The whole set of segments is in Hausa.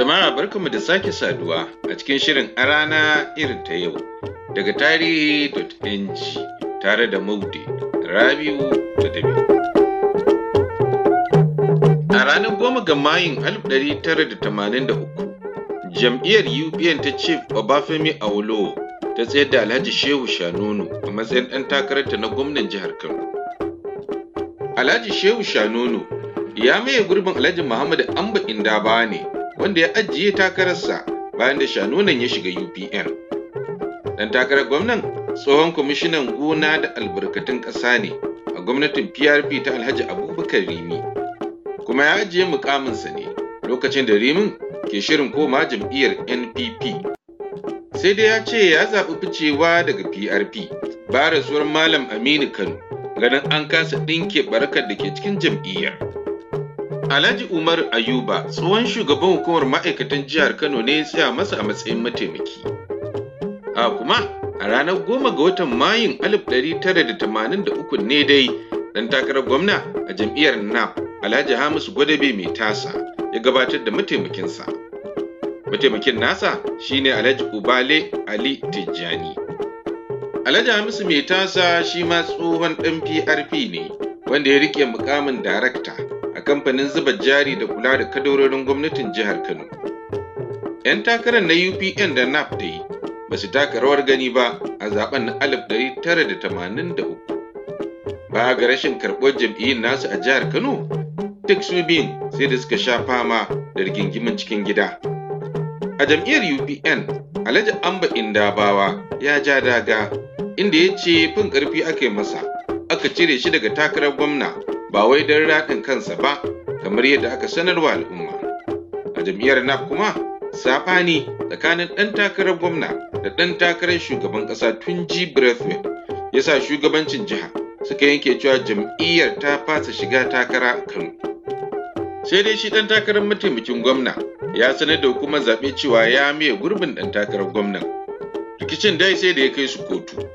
Jama'a barkanmu da sake saduwa a cikin shirin a rana irin ta yau daga tarihi.ng tare da Maude Rabiu da Dabi. A ranar goma ga Mayun 1983, jam'iyyar UPN ta Chief Obafemi Awolo ta tsayar da Alhaji Shehu Shanunu a matsayin ɗan takararta na gwamnan jihar Kano. Alhaji Shehu Shanunu ya maye gurbin Alhaji Muhammadu Amba Indaba ne wanda ya ajiye takararsa bayan da shanunan ya shiga UPN. Dan takarar gwamnan tsohon kwamishinan gona da albarkatun ƙasa ne a gwamnatin PRP ta Alhaji Abubakar Rimi. Kuma ya ajiye mukaminsa ne lokacin da Rimin ke shirin koma jam'iyyar NPP. Sai dai ya ce ya zaɓi ficewa daga PRP ba rasuwar Malam Aminu Kano ganin an kasa ɗinke barakar da ke cikin jam'iyyar. Alhaji Umar Ayuba tsohon shugaban hukumar ma'aikatan jihar Kano ne ya tsaya masa a matsayin mataimaki. A kuma a ranar goma ga watan Mayun 1983 ne dai dan takarar gwamna a jam'iyyar NAP Alhaji Hamisu Gwadabe mai tasa ya gabatar da mataimakinsa. Mataimakin nasa shine Alhaji Ubale Ali Tijjani. Alhaji Hamisu mai tasa shi ma tsohon ɗan PRP ne wanda ya rike mukamin darakta kamfanin zuba jari da kula da kadarorin gwamnatin jihar Kano. 'Yan takarar na UPN da NAP da yi ba su taka rawar gani ba a zaben na 1983. Ba ga rashin karɓar jam'iyyun nasu a jihar Kano, duk su biyun sai da suka sha fama da rigingimin cikin gida. A jam'iyyar UPN, Alhaji Amba Indabawa ya ja daga inda ya ce fin ƙarfi aka yi masa, aka cire shi daga takarar gwamna ba wai don rakin kansa ba kamar yadda aka sanarwa al'umma a jam'iyyar nap kuma safani tsakanin ɗan takarar gwamna da ɗan takarar shugaban ƙasa tunji breathwell ya sa shugabancin jiha suka yanke cewa jam'iyyar ta fasa shiga takara a kano sai dai shi ɗan takarar mataimakin gwamna ya sanar da hukumar zaɓe cewa ya miye gurbin ɗan takarar gwamnan rikicin dai sai da ya kai su kotu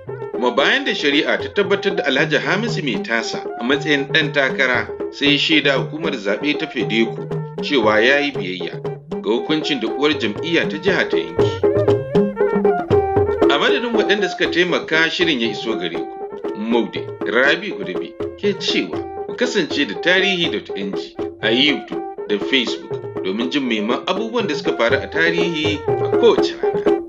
kuma bayan da shari'a ta tabbatar da Alhaji Hamisu mai tasa a matsayin ɗan takara sai shaida hukumar zaɓe ta Fedeku cewa ya yi biyayya ga hukuncin da uwar jam'iyya ta jiha ta yanki. A madadin waɗanda suka taimaka shirin ya iso gare ku, Maude, Rabi Gudubi ke cewa ku kasance da tarihi da tarihi.ng a YouTube da Facebook domin jin maiman abubuwan da suka faru a tarihi a kowace rana.